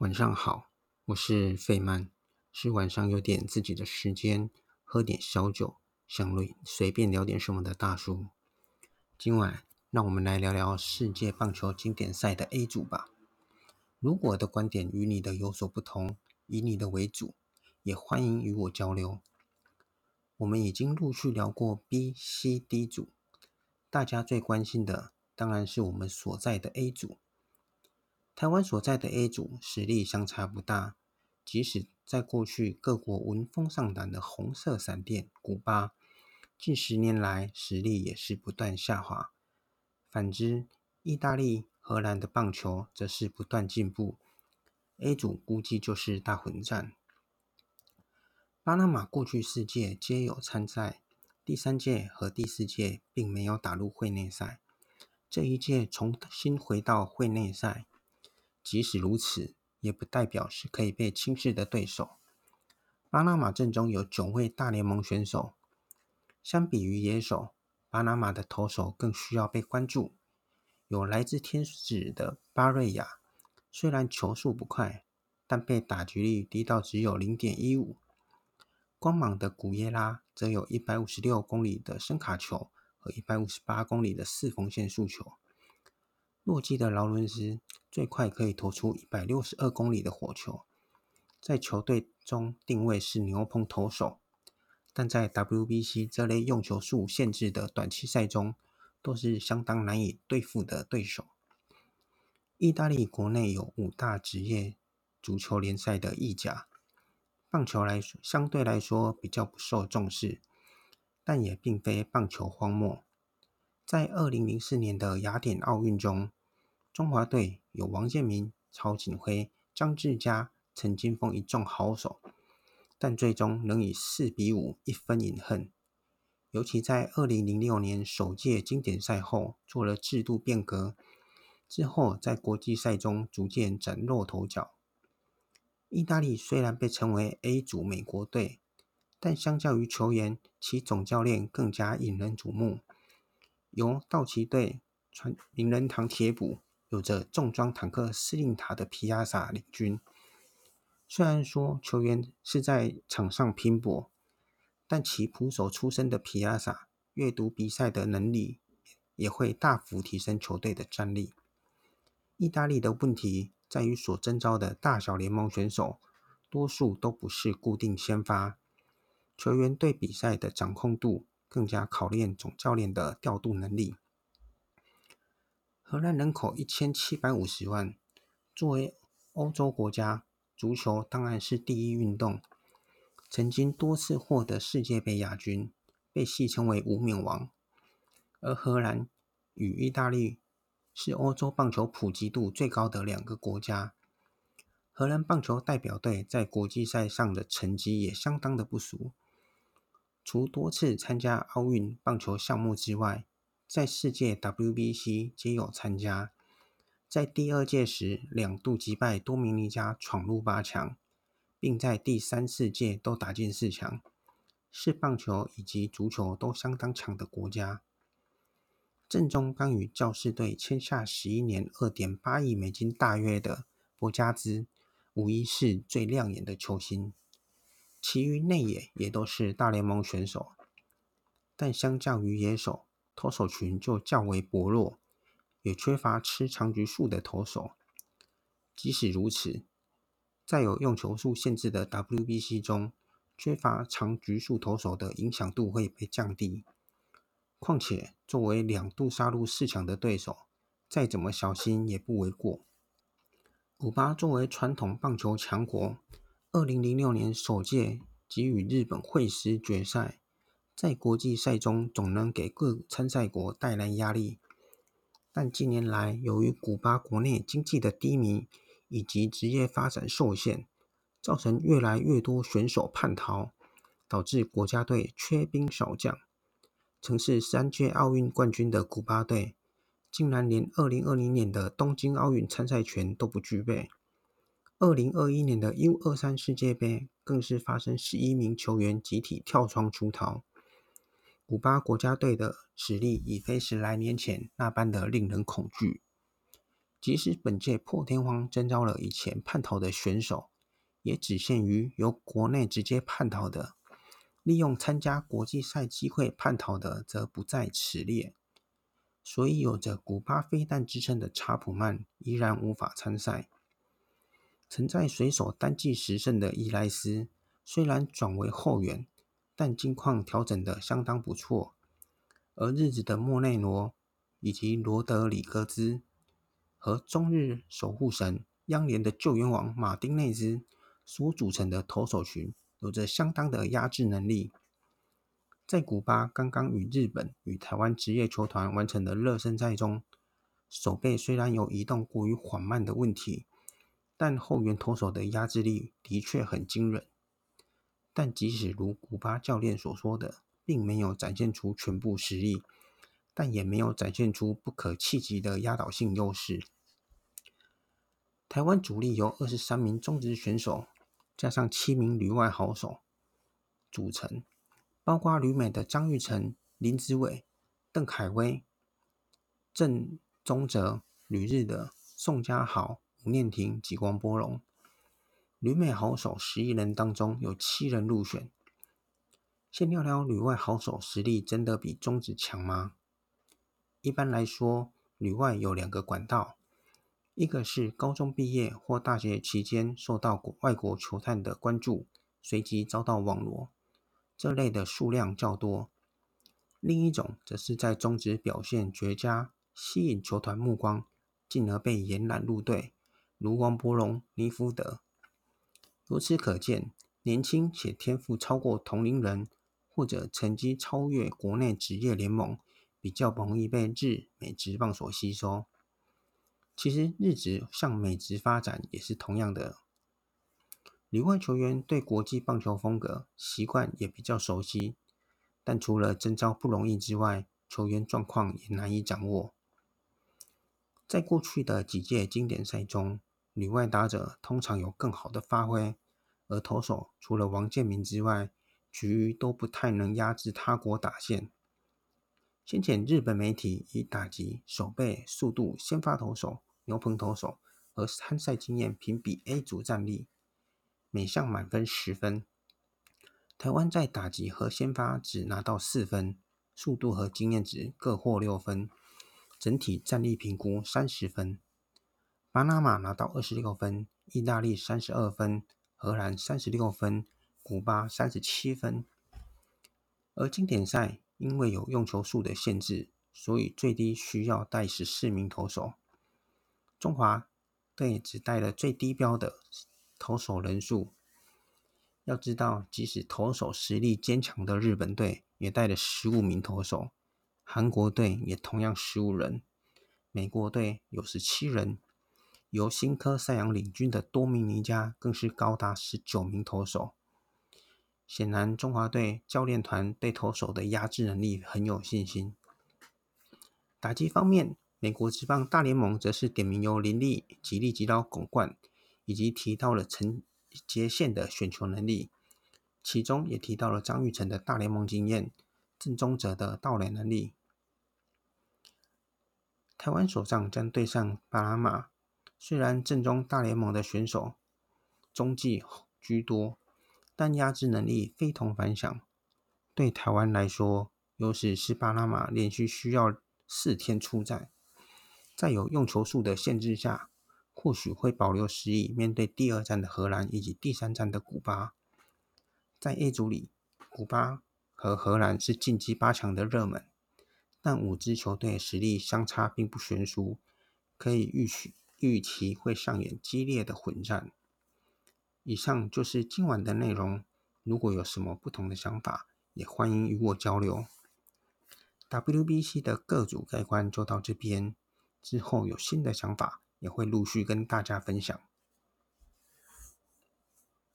晚上好，我是費曼，是晚上有點自己的時間，喝點小酒，想隨隨便聊點什麼的大叔。今晚讓我們來聊聊世界棒球經典賽的 A 組吧。如果我的觀點與你的有所不同，以你的為主，也歡迎與我交流。我們已經陸續聊過 B、C、D 組，大家最關心的當然是我們所在的 A 組。台灣所在的 A 組實力相差不大，即使在過去各國聞風喪膽的“紅色閃電”古巴，近十年來實力也是不斷下滑。反之，意大利、荷蘭的棒球則是不斷進步。A 組估計就是大混戰。巴拿馬過去四屆皆有參賽，第三屆和第四屆並沒有打入會內賽，這一屆重新回到會內賽。即使如此，也不代表是可以被輕視的對手。巴拿馬陣中有九位大聯盟選手，相比於野手，巴拿馬的投手更需要被關注。有來自天使的巴瑞亞，雖然球速不快，但被打擊率低到只有零點一五。光芒的古耶拉則有一百五十六公里的伸卡球和一百五十八公里的四縫線速球。洛基的勞倫斯最快可以投出一百六十二公里的火球，在球隊中定位是牛棚投手，但在 WBC 這類用球數限制的短期賽中，都是相當難以對付的對手。意大利國內有五大職業足球聯賽的意甲，棒球來說相對來說比較不受重視，但也並非棒球荒漠。在二零零四年的雅典奧運中，中華隊有王建民、曹錦輝、張誌家、陳金鋒一眾好手，但最終仍以四比五一分飲恨。尤其在二零零六年首屆經典賽後做了制度變革，之後在國際賽中逐漸嶄露頭角。意大利雖然被稱為 A 組美國隊，但相較於球員，其總教練更加引人矚目，由道奇隊傳名人堂鐵捕。有着重裝坦克司令塔的皮亞薩領軍，雖然說球員是在場上拼搏，但其捕手出身的皮亞薩閱讀比賽的能力也會大幅提升球隊的戰力。意大利的問題在於所徵召的大小聯盟選手多數都不是固定先發球員，對比賽的掌控度更加考驗總教練的調度能力。荷蘭人口一千七百五十萬，作為歐洲國家，足球當然是第一運動。曾經多次獲得世界杯亞軍，被戲稱為“無冕王”。而荷蘭與意大利是歐洲棒球普及度最高的兩個國家。荷蘭棒球代表隊在國際賽上的成績也相當的不俗。除多次參加奧運棒球項目之外，在世界 WBC 皆有參加，在第二屆時兩度擊敗多明尼加闖入八強，並在第三、四屆都打進四強。是棒球以及足球都相當強的國家。陣中剛與教士隊簽下十一年二點八億美金大約的博加茲，無疑是最亮眼的球星。其餘內野也都是大聯盟選手，但相較於野手，投手群就較為薄弱，也缺乏吃長局數的投手。即使如此，在有用球數限制的 WBC 中，缺乏長局數投手的影響度會被降低。況且，作為兩度殺入四強的對手，再怎麼小心也不為過。古巴作為傳統棒球強國，二零零六年首屆即與日本會師決賽。在國際賽中，總能給各參賽國帶來壓力。但近年來，由於古巴國內經濟的低迷以及職業發展受限，造成越來越多選手叛逃，導致國家隊缺兵少將。曾是三屆奧運冠軍的古巴隊，竟然連二零二零年的東京奧運參賽權都不具備。二零二一年的 U 二三世界杯，更是發生十一名球員集體跳窗出逃。古巴國家隊的實力已非十來年前那般的令人恐懼。即使本屆破天荒徵召了以前叛逃的選手，也只限於由國內直接叛逃的，利用參加國際賽機會叛逃的則不在此列。所以，有着“古巴飛彈”之稱的查普曼依然無法參賽。曾在水手單季十勝的伊萊斯，雖然轉為後援。但近況調整的相當不錯，而日職的莫內羅以及羅德里戈茲和中日守護神央聯的救援王馬丁內茲所組成的投手群，有着相當的壓制能力。在古巴剛剛與日本與台灣職業球團完成的熱身賽中，守備雖然有移動過於緩慢的問題，但後援投手的壓制力的確很驚人。但即使如古巴教練所說的，並沒有展現出全部實力，但也沒有展現出不可企及的壓倒性優勢。台灣主力由二十三名中職選手加上七名旅外好手組成，包括旅美的張育成、林子偉、鄧凱威、鄭宗哲，旅日的宋家豪、吳念庭、及王柏融。旅美好手，十一人當中有七人入選。先聊聊旅外好手實力真的比中職強嗎？一般來說，旅外有兩個管道，一個是高中畢業或大學期間受到外國球探的關注，隨即遭到網羅，這類的數量較多。另一種則是在中職表現絕佳，吸引球團目光，進而被延攬入隊，如王柏融、尼夫德。由此可見，年輕且天賦超過同齡人，或者成績超越國內職業聯盟，比較容易被日美職棒所吸收。其實日職向美職發展也是同樣的。旅外球員對國際棒球風格、習慣也比較熟悉，但除了徵召不容易之外，球員狀況也難以掌握。在過去的幾屆經典賽中，旅外打者通常有更好的發揮，而投手除了王建民之外，其餘都不太能壓制他國打線。先前日本媒體以打擊、守備、速度、先發投手、牛棚投手和參賽經驗評比 A 組戰力，每項滿分十分。台灣在打擊和先發只拿到四分，速度和經驗值各獲六分，整體戰力評估三十分。巴拿馬拿到二十六分，意大利三十二分，荷蘭三十六分，古巴三十七分。而經典賽因為有用球數的限制，所以最低需要帶十四名投手。中華隊只帶了最低標的投手人數。要知道，即使投手實力堅強的日本隊也帶了十五名投手，韓國隊也同樣十五人，美國隊有十七人。由新科賽揚領軍的多米尼加更是高達十九名投手。顯然，中華隊教練團對投手的壓制能力很有信心。打擊方面，美國職棒大聯盟則是點名由林立、吉力吉撈．鞏冠，以及提到了陳傑憲的選球能力，其中也提到了張育成的大聯盟經驗、鄭宗哲的盜壘能力。台灣首仗將對上巴拿馬。雖然正宗大聯盟的選手中繼居多，但壓制能力非同凡響。對台灣來說，尤其是巴拿馬連續需要四天出戰，在有用球數的限制下，或許會保留實力面對第二戰的荷蘭以及第三戰的古巴。在 A 組裡，古巴和荷蘭是晉級八強的熱門，但五支球隊實力相差並不懸殊，可以預許。預期會上演激烈的混戰。以上就是今晚的內容。如果有什麼不同的想法，也歡迎與我交流。WBC 的各組概觀就到這邊，之後有新的想法也會陸續跟大家分享。